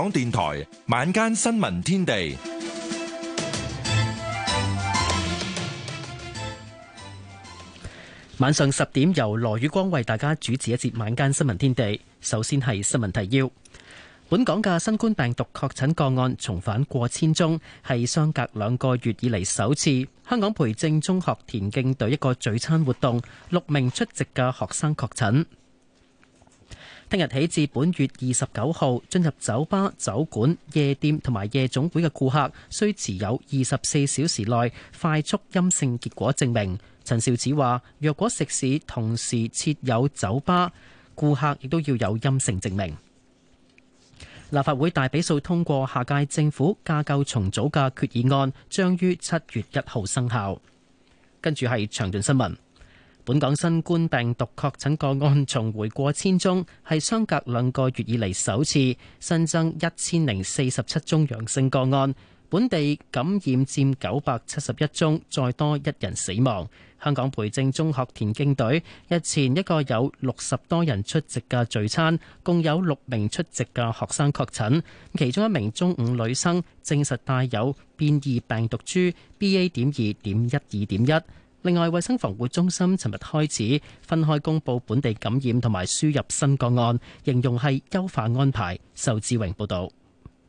港電台晚間新聞天地，晚上十點由羅宇光為大家主持一節晚間新聞天地。首先係新聞提要。本港嘅新冠病毒確診個案重返過千宗，係相隔兩個月以嚟，首次。香港培正中學田徑隊一個聚餐活動，六名出席嘅學生確診。聽日起至本月二十九號，進入酒吧、酒館、夜店同埋夜總會嘅顧客，需持有二十四小時內快速陰性結果證明。陳肇始話：若果食肆同時設有酒吧，顧客亦都要有陰性證明。立法會大比數通過下屆政府架構重組嘅決議案，將於七月一號生效。跟住係詳盡新聞。本港新冠病毒確診個案重回過千宗，係相隔兩個月以嚟，首次新增一千零四十七宗陽性個案，本地感染佔九百七十一宗，再多一人死亡。香港培正中學田徑隊日前一個有六十多人出席嘅聚餐，共有六名出席嘅學生確診，其中一名中五女生證實帶有變異病毒株 BA. 點二點一二點一。另外，衞生防護中心尋日開始分開公佈本地感染同埋輸入新個案，形容係優化安排。仇志榮報導。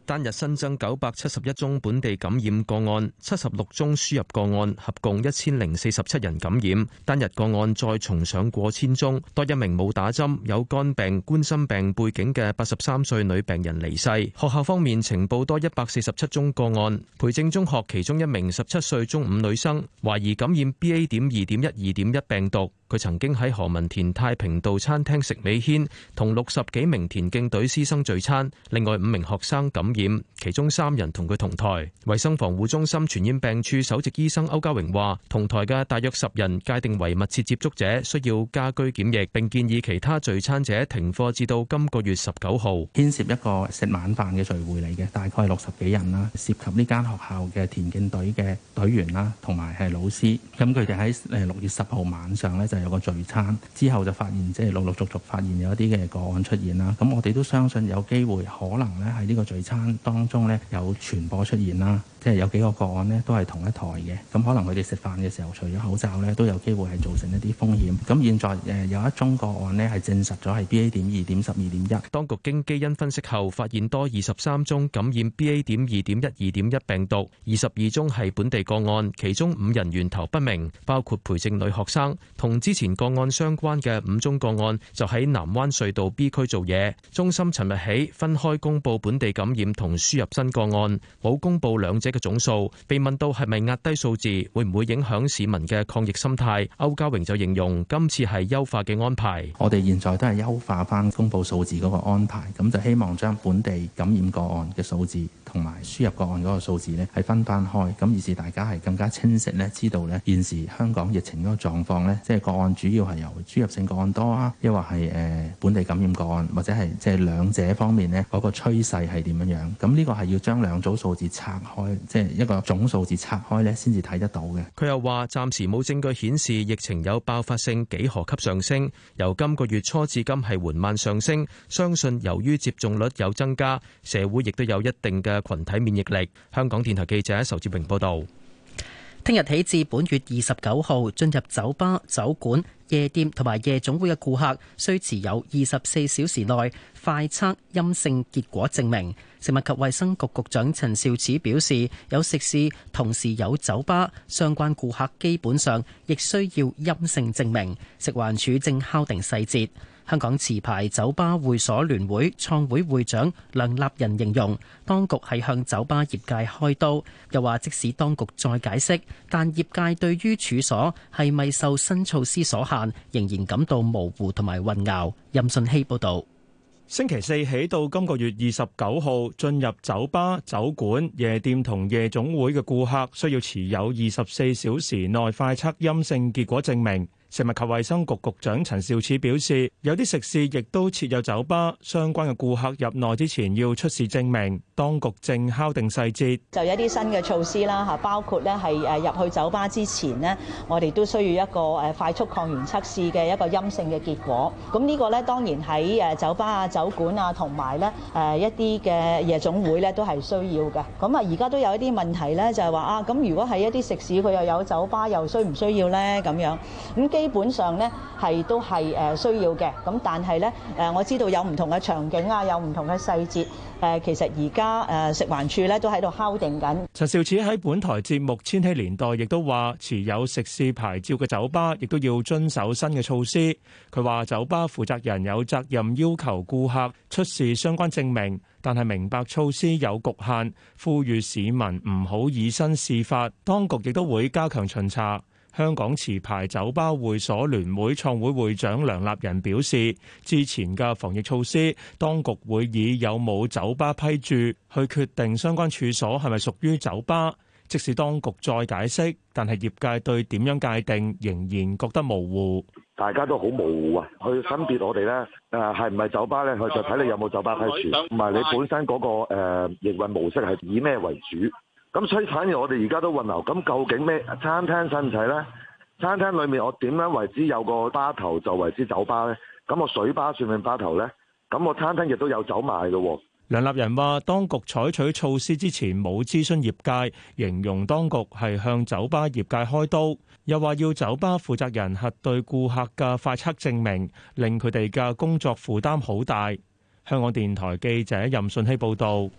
單日新增九百七十一宗本地感染個案，七十六宗輸入個案，合共一千零四十七人感染。單日個案再重上過千宗，多一名冇打針、有肝病、冠心病背景嘅八十三歲女病人離世。學校方面，情報多一百四十七宗個案，培正中學其中一名十七歲中五女生懷疑感染 BA 點二點一二點一病毒。佢曾經喺何文田太平道餐廳食美軒，同六十幾名田徑隊師生聚餐，另外五名學生感染，其中三人同佢同台。衛生防護中心傳染病處首席醫生歐家榮話：同台嘅大約十人界定為密切接觸者，需要家居檢疫，並建議其他聚餐者停課至到今個月十九號。牽涉一個食晚飯嘅聚會嚟嘅，大概六十幾人啦，涉及呢間學校嘅田徑隊嘅隊員啦，同埋係老師，咁佢哋喺誒六月十號晚上呢。就。有個聚餐之後就發現，即係陸陸續續發現有一啲嘅個案出現啦。咁我哋都相信有機會，可能咧喺呢個聚餐當中咧有傳播出現啦。即係有幾個個案咧，都係同一台嘅，咁可能佢哋食飯嘅時候除咗口罩咧，都有機會係造成一啲風險。咁現在誒有一宗個案咧係證實咗係 B A 點二點十二點一。當局經基因分析後，發現多二十三宗感染 B A 點二點一二點一病毒，二十二宗係本地個案，其中五人源頭不明，包括培正女學生同之前個案相關嘅五宗個案就喺南灣隧道 B 區做嘢。中心尋日起分開公布本地感染同輸入新個案，冇公布兩者。嘅總數被問到係咪壓低數字，會唔會影響市民嘅抗疫心態？歐家榮就形容今次係優化嘅安排。我哋現在都係優化翻公布數字嗰個安排，咁就希望將本地感染個案嘅數字。同埋輸入個案嗰個數字咧，係分翻開，咁而是大家係更加清晰咧，知道咧現時香港疫情嗰個狀況咧，即係個案主要係由輸入性個案多啊，抑或係誒本地感染個案，或者係即係兩者方面咧嗰個趨勢係點樣樣？咁呢個係要將兩組數字拆開，即係一個總數字拆開咧，先至睇得到嘅。佢又話，暫時冇證據顯示疫情有爆發性幾何級上升，由今個月初至今係緩慢上升。相信由於接種率有增加，社會亦都有一定嘅。群體免疫力。香港電台記者仇志榮報道，聽日起至本月二十九號，進入酒吧、酒館、夜店同埋夜總會嘅顧客，需持有二十四小時內快測陰性結果證明。食物及衛生局局長陳肇始表示，有食肆同時有酒吧，相關顧客基本上亦需要陰性證明。食環署正敲定細節。香港持牌酒吧會所聯會創會會長梁立仁形容，當局係向酒吧業界開刀，又話即使當局再解釋，但業界對於處所係咪受新措施所限，仍然感到模糊同埋混淆。任信希報道，星期四起到今個月二十九號，進入酒吧、酒館、夜店同夜總會嘅顧客需要持有二十四小時內快測陰性結果證明。食物及衞生局局長陳肇始表示，有啲食肆亦都設有酒吧，相關嘅顧客入內之前要出示證明，當局正敲定細節。基本上咧係都係誒需要嘅，咁但係咧誒我知道有唔同嘅場景啊，有唔同嘅細節誒，其實而家誒食環處咧都喺度敲定緊。陳肇始喺本台節目《千禧年代》亦都話，持有食肆牌照嘅酒吧亦都要遵守新嘅措施。佢話酒吧負責人有責任要求顧客出示相關證明，但係明白措施有局限，呼籲市民唔好以身試法。當局亦都會加強巡查。香港持牌酒吧會所聯會創會會長梁立仁表示：之前嘅防疫措施，當局會以有冇酒吧批註去決定相關處所係咪屬於酒吧。即使當局再解釋，但係業界對點樣界定仍然覺得模糊。大家都好模糊啊！去分別我哋咧，誒，係唔係酒吧咧？佢就睇你有冇酒吧批註，唔係、嗯，你本身嗰個誒營運模式係以咩為主？咁所以反而我哋而家都混淆，咁究竟咩餐廳使唔使咧？餐廳裏面我點樣為之有個巴頭就為之酒吧咧？咁我水吧算唔算吧頭咧？咁我餐廳亦都有酒賣嘅喎。梁立人話當局採取措施之前冇諮詢業界，形容當局係向酒吧業界開刀，又話要酒吧負責人核對顧客嘅快測證明，令佢哋嘅工作負擔好大。香港電台記者任信希報道。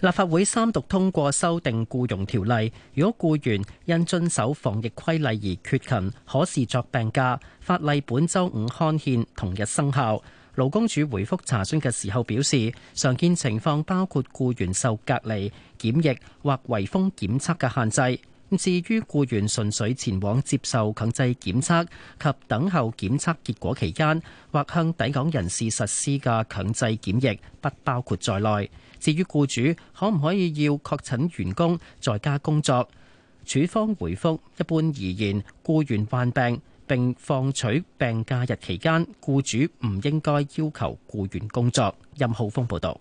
立法會三讀通過修訂僱傭條例，如果僱員因遵守防疫規例而缺勤，可視作病假。法例本周五刊憲，同日生效。勞工處回覆查詢嘅時候表示，常見情況包括僱員受隔離、檢疫或圍封檢測嘅限制。至於僱員純粹前往接受強制檢測及等候檢測結果期間，或向抵港人士實施嘅強制檢疫，不包括在內。至於僱主可唔可以要確診員工在家工作？處方回覆：一般而言，僱員患病並放取病假日期間，僱主唔應該要求僱員工作。任浩峰報導。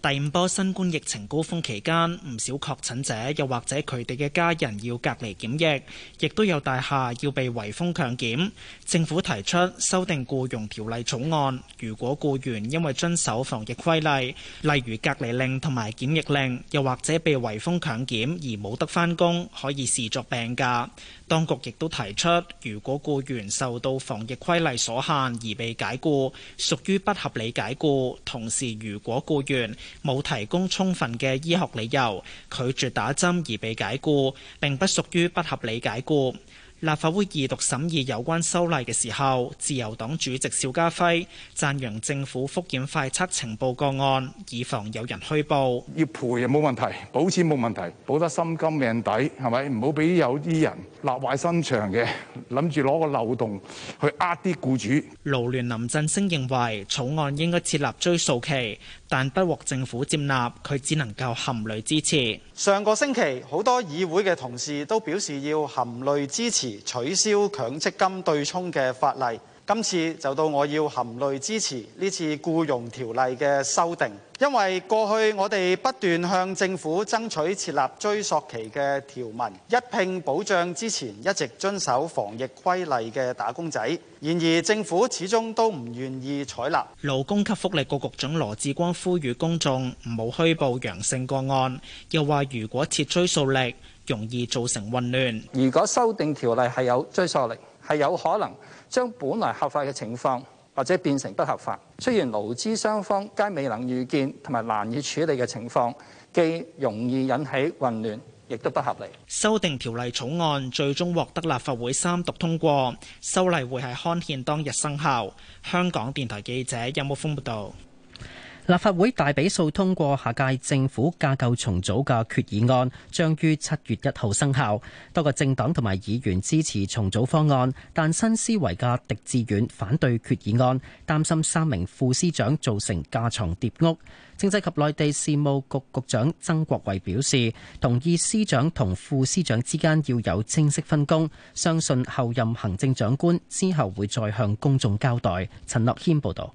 第五波新冠疫情高峰期間唔少確診者又或者佢哋嘅家人要隔離檢疫，亦都有大廈要被圍封強檢，政府提出修訂僱傭條例草案，如果僱員因為遵守防疫規例，例如隔離令同埋檢疫令，又或者被圍封強檢而冇得返工，可以視作病假。當局亦都提出，如果僱員受到防疫規例所限而被解僱，屬於不合理解僱。同時，如果僱員。冇提供充分嘅醫學理由拒絕打針而被解雇，並不屬於不合理解雇。立法會二讀審議有關修例嘅時候，自由黨主席邵家輝讚揚政府覆檢快測情報個案，以防有人虛報。要賠又冇問題，保錢冇問題，保得心甘命抵係咪？唔好俾有啲人立壞心腸嘅諗住攞個漏洞去呃啲僱主。勞聯林振昇認為草案應該設立追訴期。但不獲政府接納，佢只能夠含淚支持。上個星期，好多議會嘅同事都表示要含淚支持取消強積金對沖嘅法例。今次就到我要含淚支持呢次僱傭條例嘅修訂。因為過去我哋不斷向政府爭取設立追溯期嘅條文，一併保障之前一直遵守防疫規例嘅打工仔。然而政府始終都唔願意採納。勞工及福利局局長羅致光呼籲公眾唔好虛報陽性個案，又話如果設追溯力，容易造成混亂。如果修訂條例係有追溯力，係有可能將本來合法嘅情況，或者變成不合法，雖然勞資雙方皆未能預見同埋難以處理嘅情況，既容易引起混亂，亦都不合理。修訂條例草案最終獲得立法會三讀通過，修例會喺刊憲當日生效。香港電台記者任木風報道。立法會大比數通過下屆政府架構重組嘅決議案，將於七月一號生效。多個政黨同埋議員支持重組方案，但新思維嘅狄志遠反對決議案，擔心三名副司長造成架床疊屋。政制及內地事務局局長曾國衛表示，同意司長同副司長之間要有正式分工，相信後任行政長官之後會再向公眾交代。陳樂謙報道。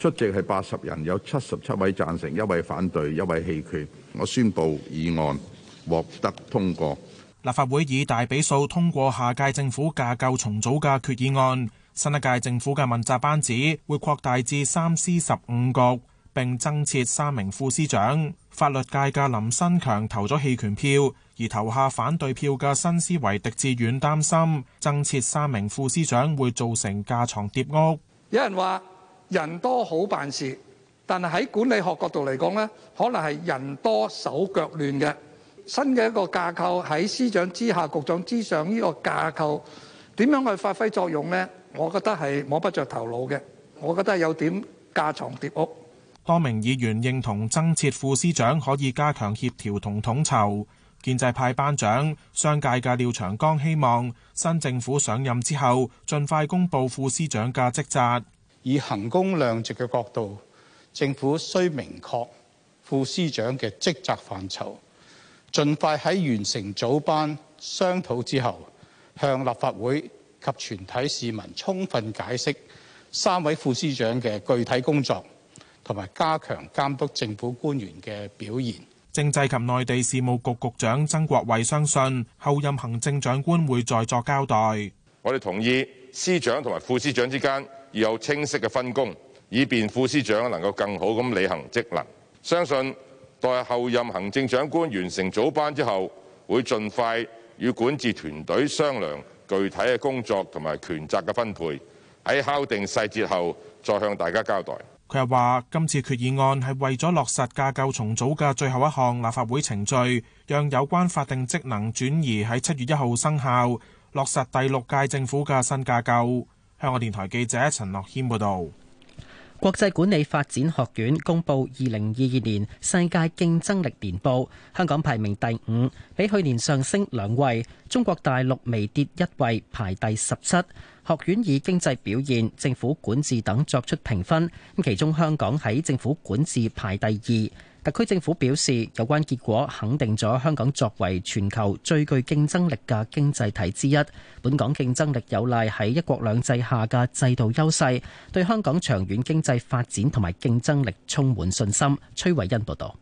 出席係八十人，有七十七位贊成，一位反對，一位棄權。我宣布議案獲得通過。立法會以大比數通過下屆政府架構重組嘅決議案。新一屆政府嘅問責班子會擴大至三司十五局，並增設三名副司長。法律界嘅林新強投咗棄權票，而投下反對票嘅新思維狄志遠擔心，增設三名副司長會造成架床疊屋。有人話。人多好辦事，但係喺管理學角度嚟講，呢可能係人多手腳亂嘅。新嘅一個架構喺司長之下、局長之上，呢個架構點樣去發揮作用呢？我覺得係摸不着頭腦嘅。我覺得有點架床疊屋。多名議員認同增設副司長可以加強協調同統籌。建制派班長，商界嘅廖長江希望新政府上任之後，盡快公布副司長嘅職責。以行宮量局嘅角度，政府需明確副司長嘅職責範疇，盡快喺完成組班商討之後，向立法會及全體市民充分解釋三位副司長嘅具體工作，同埋加強監督政府官員嘅表現。政制及內地事務局局、局長曾國衛相信，後任行政長官會再作交代。我哋同意司長同埋副司長之間。有清晰嘅分工，以便副司長能夠更好咁履行職能。相信待候任行政長官完成組班之後，會盡快與管治團隊商量具體嘅工作同埋權責嘅分配。喺敲定細節後再向大家交代。佢又話：今次決議案係爲咗落實架構重組嘅最後一項立法會程序，讓有關法定職能轉移喺七月一號生效，落實第六屆政府嘅新架構。香港電台記者陳樂謙報道，國際管理發展學院公佈二零二二年世界競爭力年報，香港排名第五，比去年上升兩位，中國大陸微跌一位排第十七。學院以經濟表現、政府管治等作出評分，咁其中香港喺政府管治排第二。特區政府表示，有關結果肯定咗香港作為全球最具競爭力嘅經濟體之一，本港競爭力有賴喺一國兩制下嘅制度優勢，對香港長遠經濟發展同埋競爭力充滿信心。崔偉欣報道。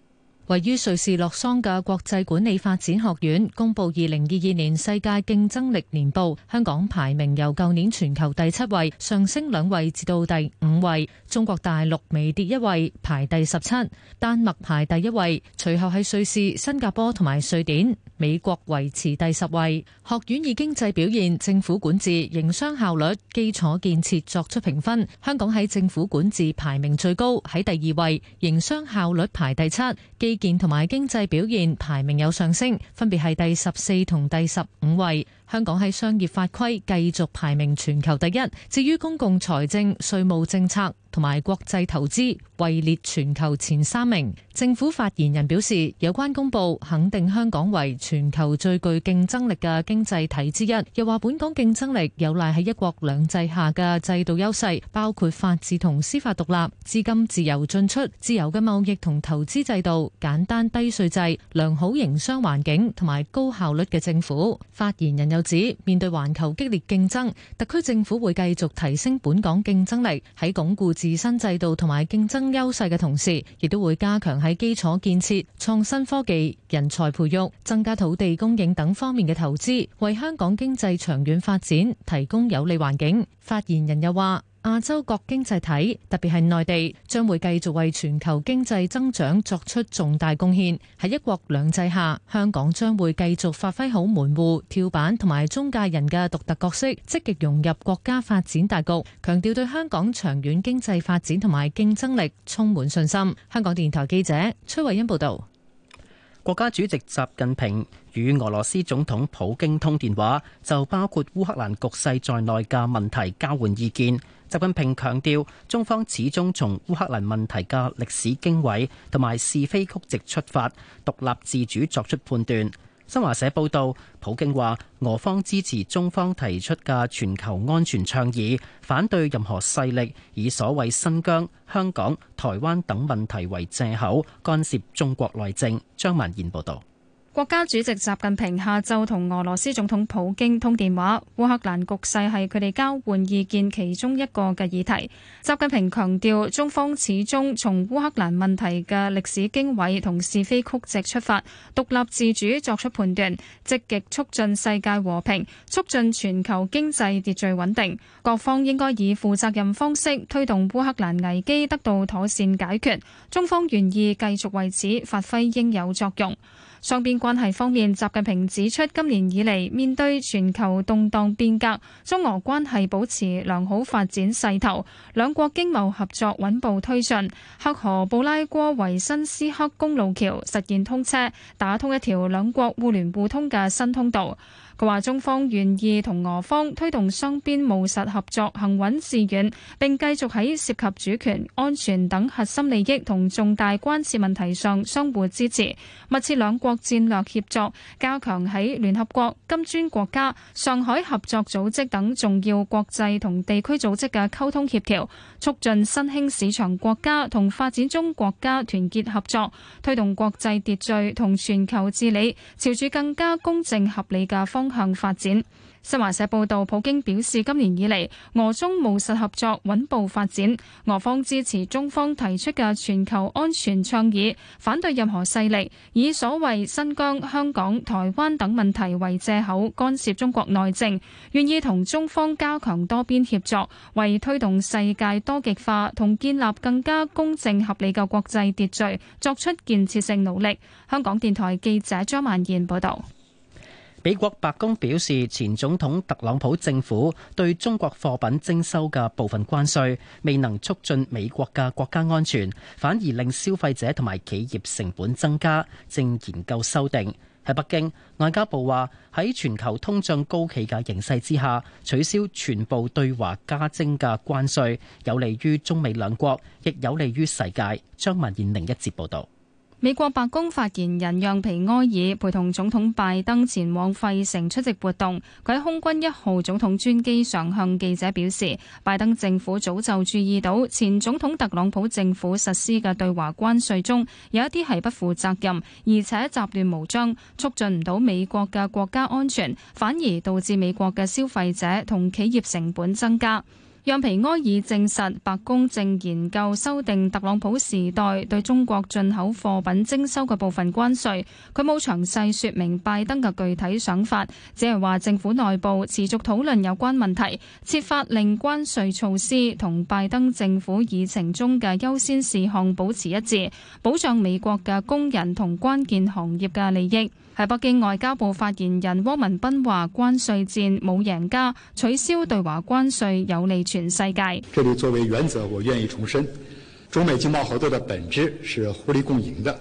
位於瑞士洛桑嘅國際管理發展學院公布二零二二年世界競爭力年報，香港排名由舊年全球第七位上升兩位至到第五位，中國大陸微跌一位排第十七，丹麥排第一位，隨後係瑞士、新加坡同埋瑞典。美國維持第十位，學院以經濟表現、政府管治、營商效率、基礎建設作出評分。香港喺政府管治排名最高，喺第二位；營商效率排第七，基建同埋經濟表現排名有上升，分別係第十四同第十五位。香港喺商業法規繼續排名全球第一，至於公共財政、稅務政策同埋國際投資，位列全球前三名。政府發言人表示，有關公佈肯定香港為全球最具競爭力嘅經濟體之一。又話本港競爭力有賴喺一國兩制下嘅制度優勢，包括法治同司法獨立、資金自由進出、自由嘅貿易同投資制度、簡單低稅制、良好營商環境同埋高效率嘅政府。發言人又指面對環球激烈競爭，特區政府會繼續提升本港競爭力，喺鞏固自身制度同埋競爭優勢嘅同時，亦都會加強喺基礎建設、創新科技、人才培育、增加土地供應等方面嘅投資，為香港經濟長遠發展提供有利環境。發言人又話。亞洲各經濟體，特別係內地，將會繼續為全球經濟增長作出重大貢獻。喺一國兩制下，香港將會繼續發揮好門戶、跳板同埋中介人嘅獨特角色，積極融入國家發展大局，強調對香港長遠經濟發展同埋競爭力充滿信心。香港電台記者崔慧欣報道。國家主席習近平與俄羅斯總統普京通電話，就包括烏克蘭局勢在內嘅問題交換意見。習近平強調，中方始終從烏克蘭問題嘅歷史經緯同埋是非曲直出發，獨立自主作出判斷。新華社報道，普京話俄方支持中方提出嘅全球安全倡議，反對任何勢力以所謂新疆、香港、台灣等問題為藉口干涉中國內政。張文賢報導。國家主席習近平下晝同俄羅斯總統普京通電話，烏克蘭局勢係佢哋交換意見其中一個嘅議題。習近平強調，中方始終從烏克蘭問題嘅歷史經緯同是非曲直出發，獨立自主作出判斷，積極促進世界和平，促進全球經濟秩序穩定。各方應該以負責任方式推動烏克蘭危機得到妥善解決。中方願意繼續為此發揮應有作用。雙邊關係方面，習近平指出，今年以嚟面對全球動蕩變革，中俄關係保持良好發展勢頭，兩國經貿合作穩步推進。黑河布拉戈維申斯克公路橋實現通車，打通一條兩國互聯互通嘅新通道。佢話：中方願意同俄方推動雙邊務實合作，行穩致遠，並繼續喺涉及主權、安全等核心利益同重大關切問題上相互支持，密切兩國戰略協作，加強喺聯合國、金磚國家、上海合作組織等重要國際同地區組織嘅溝通協調，促進新興市場國家同發展中國家團結合作，推動國際秩序同全球治理朝住更加公正合理嘅方向發展。新華社報道，普京表示，今年以嚟俄中務實合作穩步發展，俄方支持中方提出嘅全球安全倡議，反對任何勢力以所謂新疆、香港、台灣等問題為借口干涉中國內政，願意同中方加強多邊協作，為推動世界多極化同建立更加公正合理嘅國際秩序作出建設性努力。香港電台記者張萬燕報道。美國白宮表示，前總統特朗普政府對中國貨品徵收嘅部分關稅，未能促進美國嘅國家安全，反而令消費者同埋企業成本增加，正研究修訂。喺北京，外交部話喺全球通脹高企嘅形勢之下，取消全部對華加徵嘅關稅，有利於中美兩國，亦有利於世界。張文燕另一節報導。美國白宮發言人讓皮埃爾陪同總統拜登前往費城出席活動。佢喺空軍一號總統專機上向記者表示，拜登政府早就注意到前總統特朗普政府實施嘅對華關稅中有一啲係不負責任，而且雜亂無章，促進唔到美國嘅國家安全，反而導致美國嘅消費者同企業成本增加。讓皮埃爾證實，白宮正研究修訂特朗普時代對中國進口貨品徵收嘅部分關稅。佢冇詳細說明拜登嘅具體想法，只係話政府內部持續討論有關問題，設法令關稅措施同拜登政府議程中嘅優先事項保持一致，保障美國嘅工人同關鍵行業嘅利益。喺北京外交部發言人汪文斌話：關稅戰冇贏家，取消對華關稅有利全世界。這裏作為原則，我願意重申，中美經貿合作的本質是互利共贏的。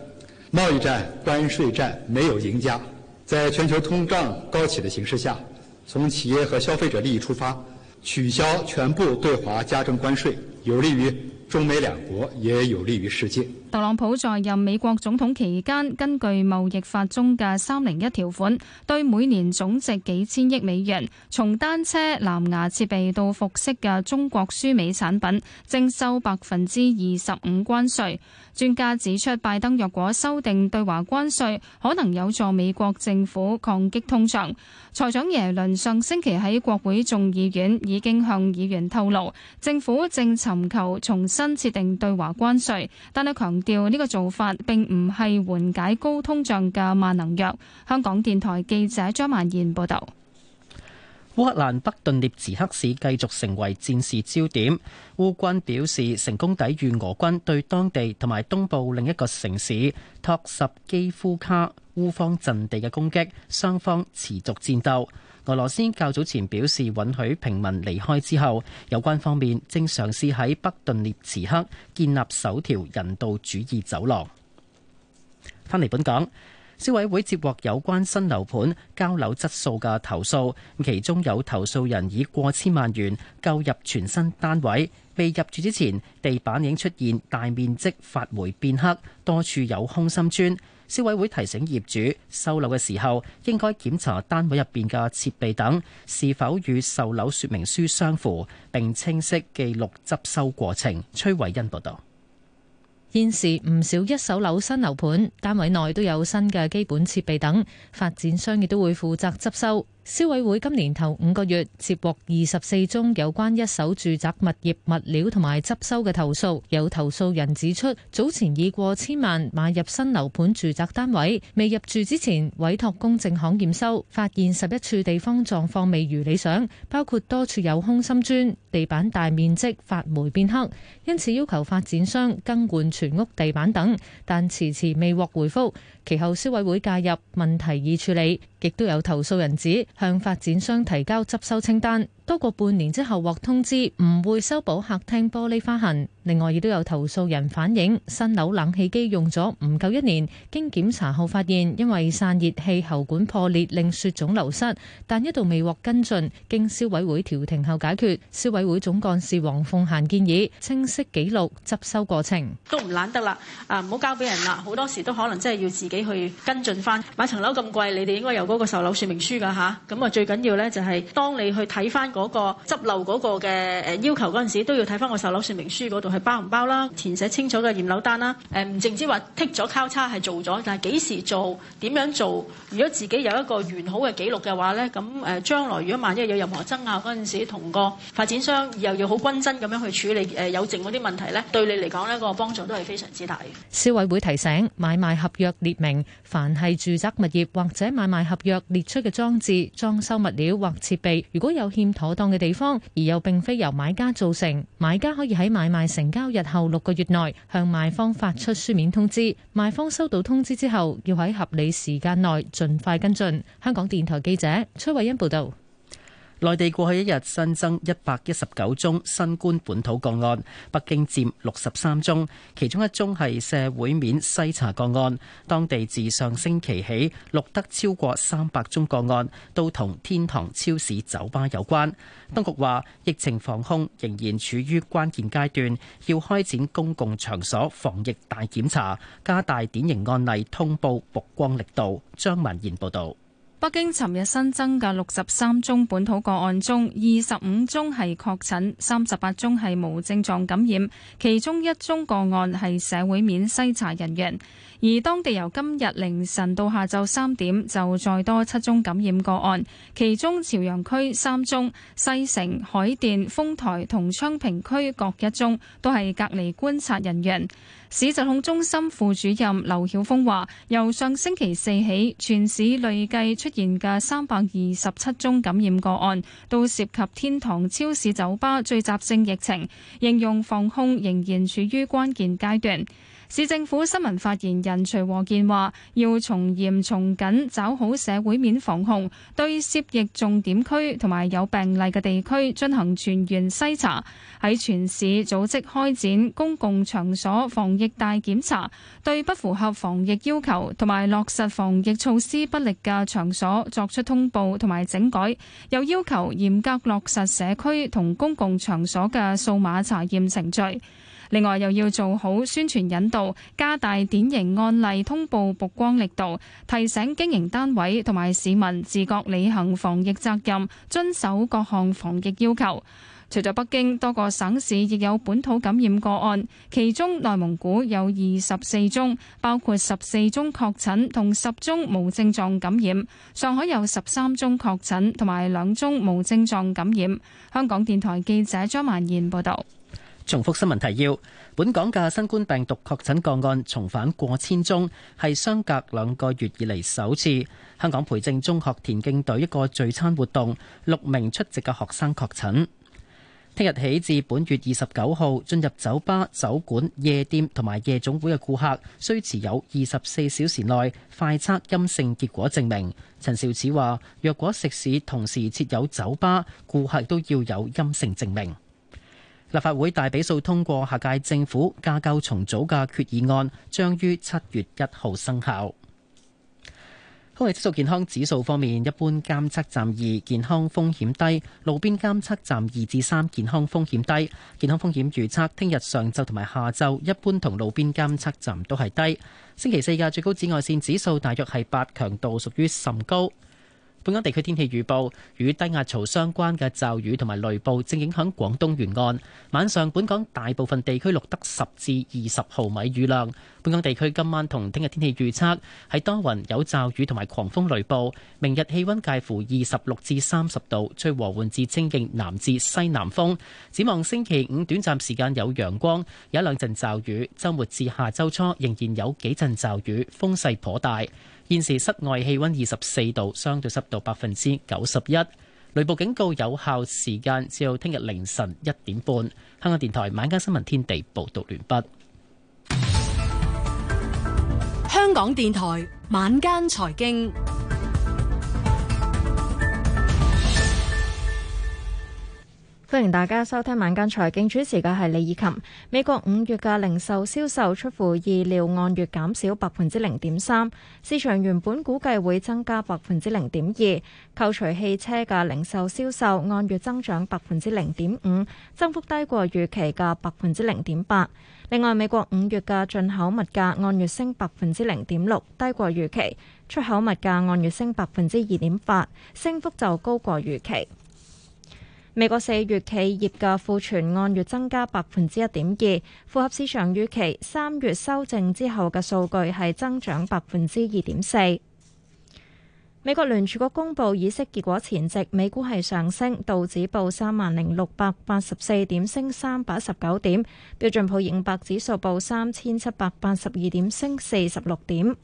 貿易戰、關稅戰沒有贏家。在全球通脹高企的形勢下，從企業和消費者利益出發，取消全部對華加徵關稅，有利於中美兩國也有利於世界，特朗普在任美國總統期間，根據貿易法中嘅三零一條款，對每年總值幾千億美元，從單車、藍牙設備到服飾嘅中國輸美產品徵收百分之二十五關稅。專家指出，拜登若果修訂對華關稅，可能有助美國政府抗擊通脹。財長耶倫上星期喺國會眾議院已經向議員透露，政府正尋求從新設定對華關稅，但係強調呢個做法並唔係緩解高通脹嘅萬能藥。香港電台記者張曼燕報導，烏克蘭北頓涅茨克市繼續成為戰事焦點。烏軍表示成功抵禦俄軍對當地同埋東部另一個城市托什基夫卡烏方陣地嘅攻擊，雙方持續戰鬥。俄羅斯較早前表示允許平民離開之後，有關方面正嘗試喺北頓涅茨克建立首條人道主義走廊。翻嚟本港，消委會接獲有關新樓盤交樓質素嘅投訴，其中有投訴人以過千萬元購入全新單位，未入住之前地板已經出現大面積發霉變黑，多處有空心磚。消委會提醒業主收樓嘅時候，應該檢查單位入邊嘅設備等是否與售樓說明書相符，並清晰記錄執收過程。崔偉欣報道，現時唔少一手樓新樓盤單位內都有新嘅基本設備等，發展商亦都會負責執收。消委會今年頭五個月接獲二十四宗有關一手住宅物業物料同埋執收嘅投訴，有投訴人指出，早前已過千萬買入新樓盤住宅單位，未入住之前委託公證行驗收，發現十一處地方狀況未如理想，包括多處有空心磚、地板大面積發霉變黑，因此要求發展商更換全屋地板等，但遲遲未獲回覆。其後消委會介入，問題已處理，亦都有投訴人指。向發展商提交執修清單。多過半年之後獲通知唔會修補客廳玻璃花痕。另外亦都有投訴人反映新樓冷氣機用咗唔夠一年，經檢查後發現因為散熱器喉管破裂令雪種流失，但一度未獲跟進。經消委會調停後解決。消委會總幹事黃鳳嫻建議清晰紀錄執修過程，都唔懶得啦，啊唔好交俾人啦，好多時都可能真係要自己去跟進翻。買層樓咁貴，你哋應該有嗰個售樓說明書噶吓。咁啊最緊要呢，就係當你去睇翻。嗰個執漏嗰個嘅誒要求嗰陣時，都要睇翻個售樓説明書嗰度係包唔包啦，填寫清楚嘅驗樓單啦。誒唔淨止話剔咗交叉係做咗，但係幾時做、點樣做？如果自己有一個完好嘅記錄嘅話咧，咁誒將來如果萬一有任何爭拗嗰陣時，同個發展商又要好均真咁樣去處理誒有剩嗰啲問題咧，對你嚟講咧個幫助都係非常之大嘅。消委會提醒買賣合約列明，凡係住宅物業或者買賣合約列出嘅裝置、裝修物料或設備，如果有欠妥妥當嘅地方，而又並非由買家造成。買家可以喺買賣成交日後六個月內向賣方發出書面通知，賣方收到通知之後，要喺合理時間內盡快跟進。香港電台記者崔慧欣報道。內地過去一日新增一百一十九宗新冠本土個案，北京佔六十三宗，其中一宗係社會面篩查個案。當地自上星期起錄得超過三百宗個案，都同天堂超市酒吧有關。當局話，疫情防控仍然處於關鍵階段，要開展公共場所防疫大檢查，加大典型案例通報曝光力度。張文賢報道。北京尋日新增嘅六十三宗本土個案中，二十五宗係確診，三十八宗係無症狀感染，其中一宗個案係社會面篩查人員。而當地由今日凌晨到下晝三點就再多七宗感染個案，其中朝陽區三宗，西城、海淀、豐台同昌平區各一宗，都係隔離觀察人員。市疾控中心副主任劉曉峰話，由上星期四起，全市累計出現嘅三百二十七宗感染個案，都涉及天堂超市、酒吧聚集性疫情，應用防控仍然處於關鍵階段。市政府新聞發言人徐和健話，要從嚴從緊抓好社會面防控，對涉疫重點區同埋有病例嘅地區進行全員篩查，喺全市組織開展公共場所防疫大檢查，對不符合防疫要求同埋落實防疫措施不力嘅場所作出通報同埋整改，又要求嚴格落實社區同公共場所嘅數碼查驗程序。另外，又要做好宣傳引導，加大典型案例通報曝光力度，提醒經營單位同埋市民自覺履行防疫責任，遵守各項防疫要求。除咗北京，多個省市亦有本土感染個案，其中內蒙古有二十四宗，包括十四宗確診同十宗無症狀感染；上海有十三宗確診同埋兩宗無症狀感染。香港電台記者張曼燕報道。重複新聞提要：本港嘅新冠病毒確診個案重返過千宗，係相隔兩個月以嚟首次。香港培正中學田徑隊一個聚餐活動，六名出席嘅學生確診。聽日起至本月二十九號，進入酒吧、酒館、夜店同埋夜總會嘅顧客，需持有二十四小時內快測陰性結果證明。陳肇始話，若果食肆同時設有酒吧，顧客都要有陰性證明。立法會大比數通過下屆政府架構重組嘅決議案，將於七月一號生效。空氣質素健康指數方面，一般監測站二，健康風險低；路邊監測站二至三，健康風險低。健康風險預測，聽日上晝同埋下晝，一般同路邊監測站都係低。星期四嘅最高紫外線指數大約係八，強度屬於甚高。本港地區天氣預報，與低壓槽相關嘅驟雨同埋雷暴正影響廣東沿岸。晚上本港大部分地區錄得十至二十毫米雨量。本港地區今晚同聽日天氣預測喺多雲有驟雨同埋狂風雷暴。明日氣温介乎二十六至三十度，吹和緩至清勁南至西南風。展望星期五短暫時間有陽光，有一兩陣驟雨。周末至下周初仍然有幾陣驟雨，風勢頗大。現時室外氣温二十四度，相對濕度百分之九十一。雷暴警告有效時間至到聽日凌晨一點半。香港電台晚間新聞天地報道完畢。香港電台晚間財經。歡迎大家收聽晚間財經，主持嘅係李以琴。美國五月嘅零售銷售出乎意料按月減少百分之零點三，市場原本估計會增加百分之零點二。扣除汽車嘅零售銷售按月增長百分之零點五，增幅低過預期嘅百分之零點八。另外，美國五月嘅進口物價按月升百分之零點六，低過預期；出口物價按月升百分之二點八，升幅就高過預期。美國四月企業嘅庫存按月增加百分之一點二，符合市場預期。三月修正之後嘅數據係增長百分之二點四。美國聯儲局公布議息結果前夕，美股係上升，道指報三萬零六百八十四點，升三百十九點；標準普爾五百指數報三千七百八十二點，升四十六點。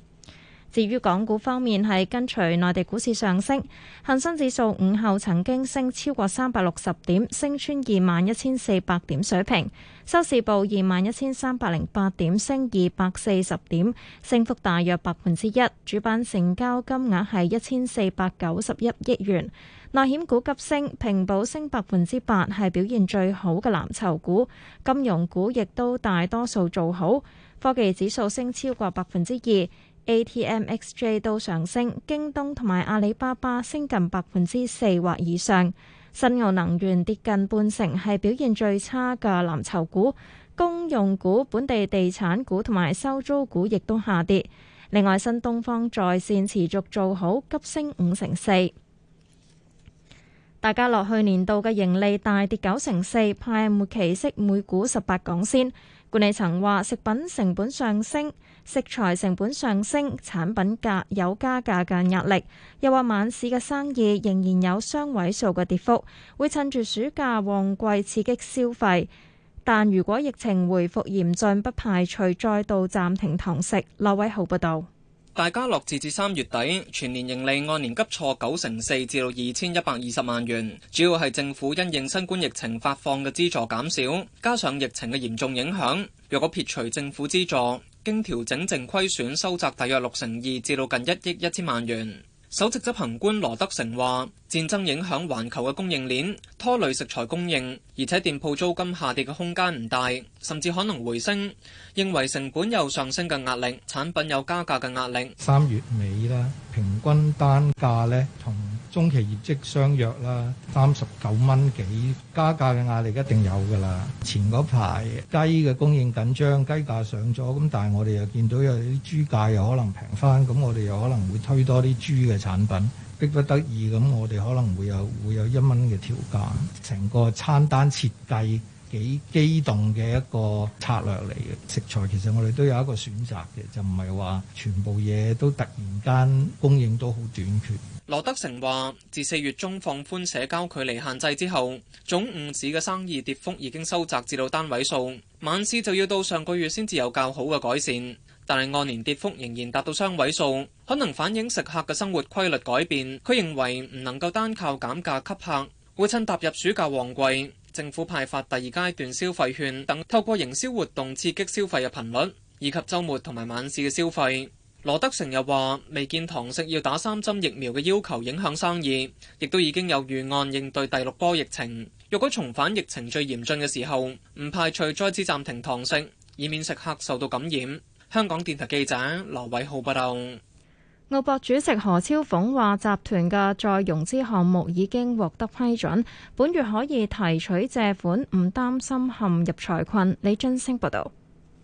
至於港股方面，係跟隨內地股市上升，恆生指數午後曾經升超過三百六十點，升穿二萬一千四百點水平。收市報二萬一千三百零八點，升二百四十點，升幅大約百分之一。主板成交金額係一千四百九十一億元。內險股急升，平保升百分之八，係表現最好嘅藍籌股。金融股亦都大多數做好，科技指數升超過百分之二。ATMXJ 都上升，京東同埋阿里巴巴升近百分之四或以上，新奧能源跌近半成，係表現最差嘅藍籌股。公用股、本地地產股同埋收租股亦都下跌。另外，新東方在綫持續做好，急升五成四。大家樂去年度嘅盈利大跌九成四，派末期息每股十八港仙。管理層話食品成本上升。食材成本上升，產品價有加價嘅壓力。又話晚市嘅生意仍然有雙位數嘅跌幅，會趁住暑假旺季刺激消費。但如果疫情回復嚴峻，不排除再度暫停堂食。劉偉豪報道，大家樂截至三月底全年盈利按年急挫九成四，至到二千一百二十萬元，主要係政府因應新冠疫情發放嘅資助減少，加上疫情嘅嚴重影響。若果撇除政府資助，經調整淨虧損收窄大約六成二，至到近一億一千萬元。首席執行官羅德成話：戰爭影響環球嘅供應鏈，拖累食材供應，而且店鋪租金下跌嘅空間唔大，甚至可能回升。認為成本有上升嘅壓力，產品有加價嘅壓力。三月尾啦，平均單價呢，同……中期業績相約啦，三十九蚊幾。加價嘅壓力一定有㗎啦。前嗰排雞嘅供應緊張，雞價上咗，咁但係我哋又見到有啲豬價又可能平返，咁我哋又可能會推多啲豬嘅產品，迫不得已咁，我哋可能會有會有一蚊嘅調價。成個餐單設計幾機動嘅一個策略嚟嘅。食材，其實我哋都有一個選擇嘅，就唔係話全部嘢都突然間供應都好短缺。羅德成話，自四月中放寬社交距離限制之後，總午市嘅生意跌幅已經收窄至到單位數，晚市就要到上個月先至有較好嘅改善，但係按年跌幅仍然達到雙位數，可能反映食客嘅生活規律改變。佢認為唔能夠單靠減價吸客，會趁踏入暑假旺季，政府派發第二階段消費券等，透過營銷活動刺激消費嘅頻率，以及周末同埋晚市嘅消費。羅德成又話未見堂食要打三針疫苗嘅要求影響生意，亦都已經有預案應對第六波疫情。若果重返疫情最嚴峻嘅時候，唔排除再次暫停堂食，以免食客受到感染。香港電台記者羅偉浩報道。澳博主席何超鳳話集團嘅再融資項目已經獲得批准，本月可以提取借款，唔擔心陷入財困。李津升報道。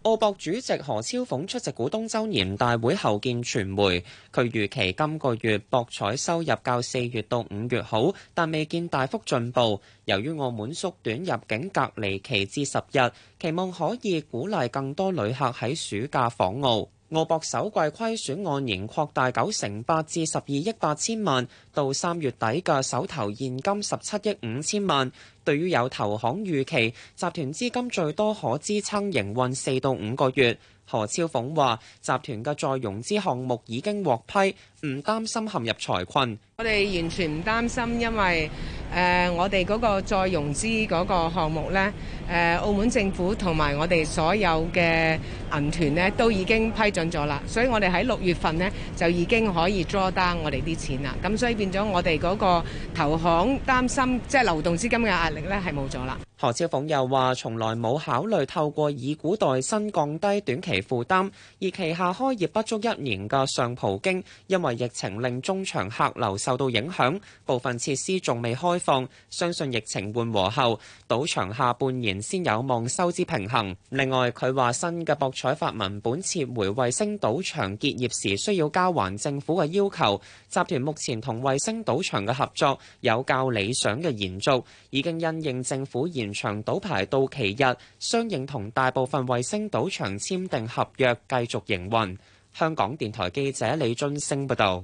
澳博主席何超鳳出席股東周年大會後見傳媒，佢預期今個月博彩收入較四月到五月好，但未見大幅進步。由於澳門縮短入境隔離期至十日，期望可以鼓勵更多旅客喺暑假訪澳。澳博首季虧損按年擴大九成八至十二億八千萬，到三月底嘅手頭現金十七億五千萬。對於有投行預期，集團資金最多可支撐營運四到五個月。何超鳳話：集團嘅再融資項目已經獲批，唔擔心陷入財困、呃。我哋完全唔擔心，因為誒我哋嗰個再融資嗰個項目呢。澳門政府同埋我哋所有嘅銀團呢，都已經批准咗啦，所以我哋喺六月份呢，就已經可以 draw down 我哋啲錢啦。咁所以變咗我哋嗰個投行擔心即係、就是、流動資金嘅壓力呢，係冇咗啦。何超鳳又話：從來冇考慮透過以股代薪降低短期負擔，而旗下開業不足一年嘅上葡京，因為疫情令中場客流受到影響，部分設施仲未開放。相信疫情緩和後，賭場下半年先有望收支平衡。另外，佢話新嘅博彩法文本撤回衛星賭場結業時需要交還政府嘅要求。集團目前同衛星賭場嘅合作有較理想嘅延續，已經因應政府延長賭牌到期日，相應同大部分衛星賭場簽訂合約繼續營運，香港電台記者李津昇報道。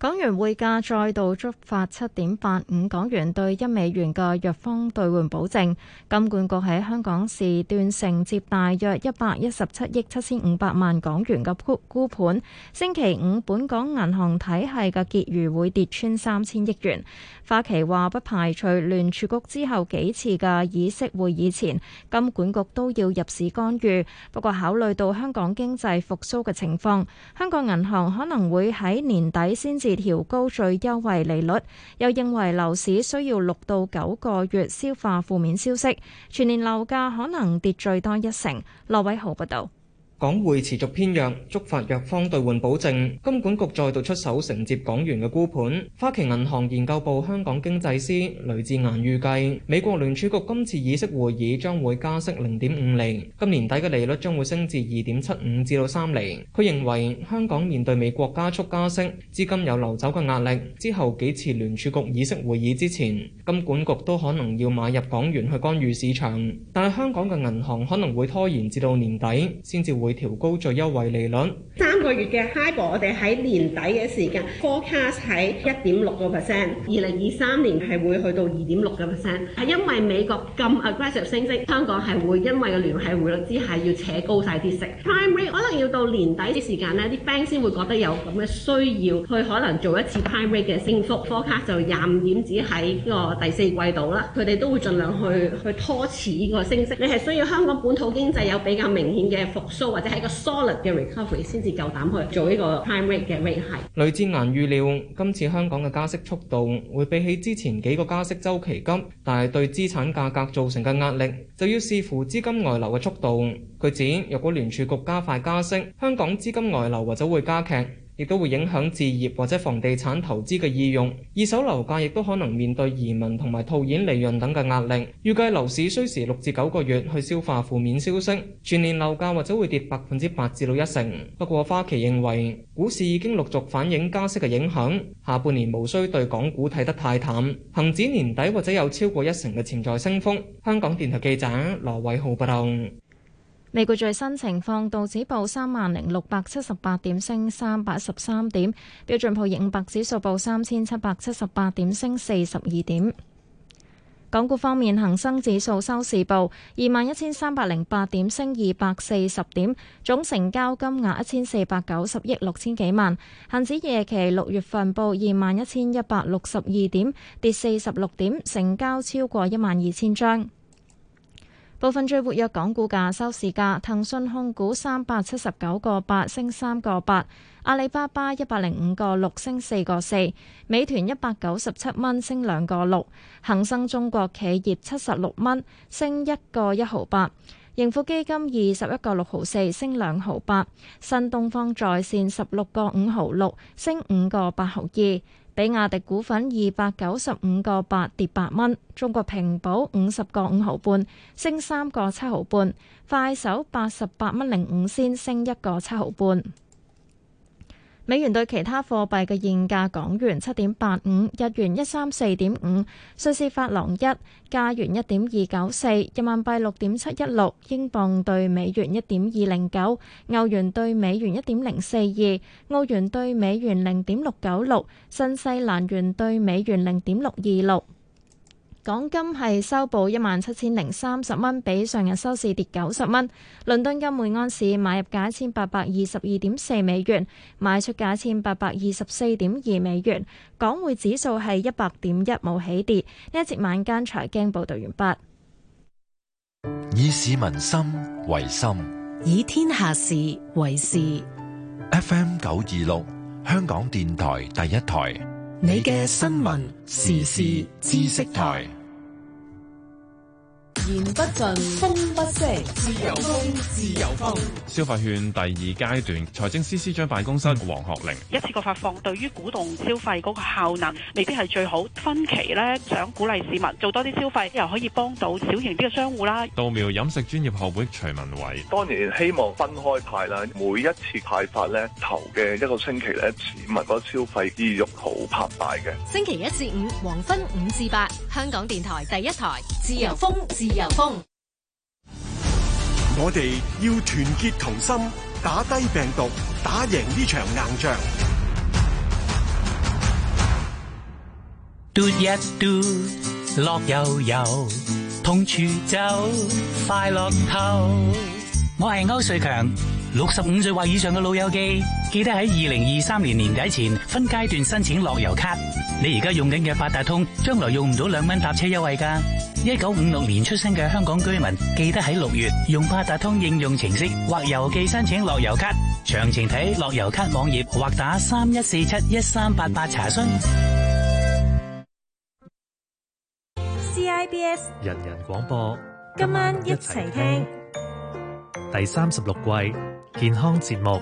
港元匯價再度觸發七點八五港元兌一美元嘅弱方兌換保證，金管局喺香港時段承接大約一百一十七億七千五百萬港元嘅沽盤。星期五本港銀行體系嘅結餘會跌穿三千億元。花旗話不排除聯儲局之後幾次嘅議息會議前，金管局都要入市干預。不過考慮到香港經濟復甦嘅情況，香港銀行可能會喺年底先至，調高最優惠利率，又認為樓市需要六到九個月消化負面消息，全年樓價可能跌最多一成。羅偉豪報道。港匯持續偏弱，觸發弱方兌換保證，金管局再度出手承接港元嘅沽盤，花旗銀行研究部香港經濟師雷志岩預計，美國聯儲局今次議息會議將會加息零點五厘，今年底嘅利率將會升至二點七五至到三厘，佢認為香港面對美國加速加息，資金有流走嘅壓力。之後幾次聯儲局議息會議之前，金管局都可能要買入港元去干預市場，但係香港嘅銀行可能會拖延至到年底先至會。會調高最優惠利率。三個月嘅 HIBOR, 我哋喺年底嘅時間，forecast 喺一點六個 percent。二零二三年係會去到二點六個 percent，係因為美國咁 aggressive 升息，香港係會因為個聯繫匯率之下要扯高晒啲息。Prime rate 可能要到年底啲時間呢，啲 bank 先會覺得有咁嘅需要，去可能做一次 prime rate 嘅升幅。Forecast 就廿五點子喺個第四季度啦，佢哋都會盡量去去拖遲呢個升息。你係需要香港本土經濟有比較明顯嘅復蘇。或者係一個 solid 嘅 recovery 先至夠膽去做呢個 prime rate 嘅 rate 係，難之難預料，今次香港嘅加息速度會比起之前幾個加息週期急，但係對資產價格造成嘅壓力就要視乎資金外流嘅速度。佢指若果聯儲局加快加息，香港資金外流或者會加劇。亦都會影響置業或者房地產投資嘅意欲。二手樓價亦都可能面對移民同埋套現利潤等嘅壓力。預計樓市需時六至九個月去消化負面消息，全年樓價或者會跌百分之八至到一成。不過花旗認為股市已經陸續反映加息嘅影響，下半年無需對港股睇得太淡。恒指年底或者有超過一成嘅潛在升幅。香港電台記者羅偉浩報道。美股最新情況，道指報三萬零六百七十八點，升三百十三點；標準普爾五百指數報三千七百七十八點，升四十二點。港股方面，恒生指數收市報二萬一千三百零八點，升二百四十點，總成交金額一千四百九十億六千幾萬。恆指夜期六月份報二萬一千一百六十二點，跌四十六點，成交超過一萬二千張。部分最活躍港股價收市價，騰訊控股三百七十九個八升三個八，阿里巴巴一百零五個六升四個四，美團一百九十七蚊升兩個六，恒生中國企業七十六蚊升一個一毫八，盈富基金二十一個六毫四升兩毫八，新東方在線十六個五毫六升五個八毫二。比亞迪股份二百九十五個八跌八蚊，中國平保五十個五毫半升三個七毫半，快手八十八蚊零五仙升一個七毫半。美元兌其他貨幣嘅現價：港元七點八五，日元一三四點五，瑞士法郎一，加元一點二九四，人民幣六點七一六，英鎊對美元一點二零九，歐元對美元一點零四二，澳元對美元零點六九六，新西蘭元對美元零點六二六。港金係收報一萬七千零三十蚊，比上日收市跌九十蚊。倫敦金每安士買入價一千八百二十二點四美元，賣出價一千八百二十四點二美元。港匯指數係一百點一，冇起跌。呢一節晚間財經報道完畢。以市民心為心，以天下事為事。FM 九二六，香港電台第一台，你嘅新聞時事知識台。言不盡，風不息，自由風，自由風。由風消費券第二階段，財政司司長辦公室黃學玲，一次過發放對於鼓動消費嗰個效能未必係最好。分期咧想鼓勵市民做多啲消費，又可以幫到小型啲嘅商戶啦。稻苗飲食專業學會徐文偉，當然希望分開派啦。每一次派發咧，頭嘅一個星期咧，市民嗰個消費意欲好澎湃嘅。星期一至五，黃昏五至八，香港電台第一台，自由風，自游風，我哋要團結同心，打低病毒，打贏呢場硬仗。嘟一嘟，樂悠悠，痛處走，快樂透。我係歐瑞強。六十五歲或以上嘅老友記，記得喺二零二三年年底前分階段申請樂悠咭。你而家用緊嘅八達通，將來用唔到兩蚊搭車優惠噶。一九五六年出生嘅香港居民，記得喺六月用八達通應用程式或郵寄申請樂悠咭。詳情睇樂悠咭網頁或打三一四七一三八八查詢。CIBS 人人廣播，今晚一齊聽,一聽第三十六季。健康節目，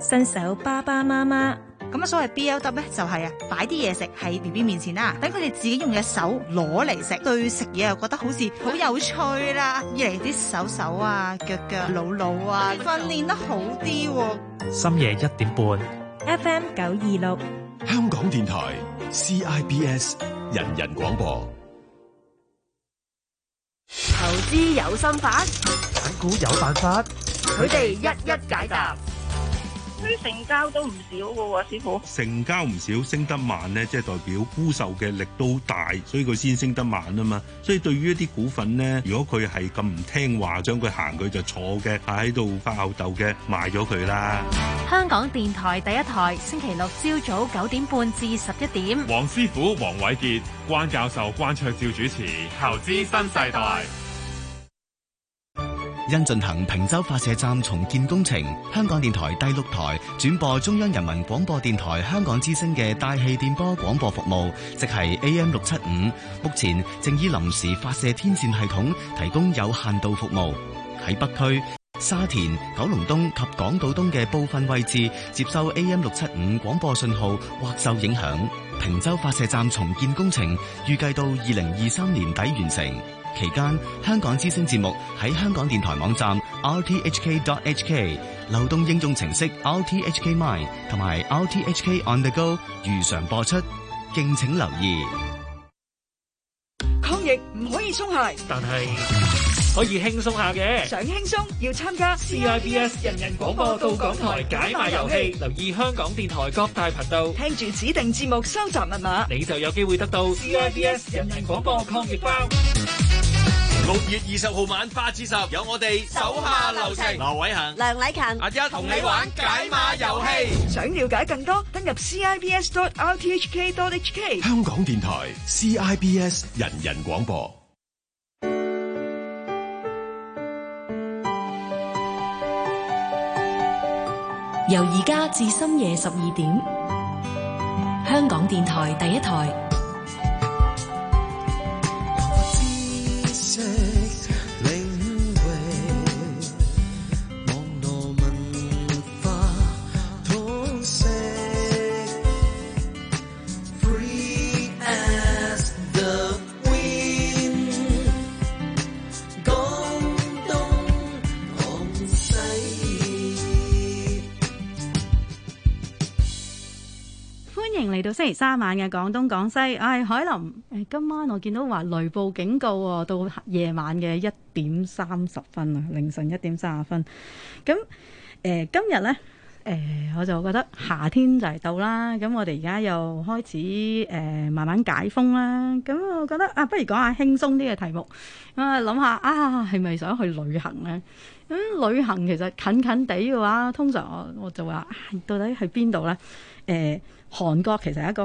新手爸爸媽媽咁啊，所謂 B L W 咧、就是，就係啊擺啲嘢食喺 B B 面前啦，等佢哋自己用隻手攞嚟食，對食嘢又覺得好似好有趣啦，二嚟啲手手啊、腳腳、腦腦啊，訓練得好啲。深夜一點半，F M 九二六， 26，香港電台 C I B S 人人廣播。投資有心法，炒股有辦法，佢哋一一解答。啲成交都唔少嘅喎，師傅。成交唔少，升得慢呢，即係代表沽售嘅力都大，所以佢先升得慢啊嘛。所以對於一啲股份呢，如果佢係咁唔聽話，將佢行佢就坐嘅，喺度發吽逗嘅，賣咗佢啦。香港電台第一台，星期六朝早九點半至十一點，黃師傅、黃偉傑、關教授關卓照主持，投資新世代。因進行坪洲發射站重建工程，香港電台第六台轉播中央人民廣播電台香港之聲嘅大氣電波廣播服務，即係 AM 六七五，目前正以臨時發射天線系統提供有限度服務。喺北區、沙田、九龍東及港島東嘅部分位置接收 AM 六七五廣播信號或受影響。坪洲發射站重建工程預計到二零二三年底完成。期間，香港資訊節目喺香港電台網站 r t h k dot h k、流動應用程式 r t h k mine 同埋 r t h k on the go 如常播出，敬請留意。抗疫唔可以鬆懈，但係可以輕鬆下嘅。想輕鬆，要參加 c i b s 人人廣播到港台解碼遊戲，留意香港電台各大頻道，聽住指定節目，收集密碼，你就有機會得到 c i b s 人人廣播抗疫包。六月二十號晚八至十，有我哋手下留情，劉偉恒、梁禮勤阿一同你玩解碼遊戲。想了解更多，登入 CIBS.RTHK.HK。香港電台 CIBS 人人廣播，由而家至深夜十二點，香港電台第一台。星期三晚嘅廣東、廣西，唉、哎，海林，今晚我見到話雷暴警告、哦，到夜晚嘅一點三十分啊，凌晨一點三十分。咁、嗯、誒、嗯，今日咧，誒、嗯，我就覺得夏天就係到啦。咁、嗯、我哋而家又開始誒、嗯、慢慢解封啦。咁、嗯、我覺得啊，不如講下輕鬆啲嘅題目。嗯、下啊，諗下啊，係咪想去旅行咧？咁、嗯、旅行其實近近地嘅話，通常我我就話、啊，到底去邊度咧？誒、嗯。韓國其實係一個。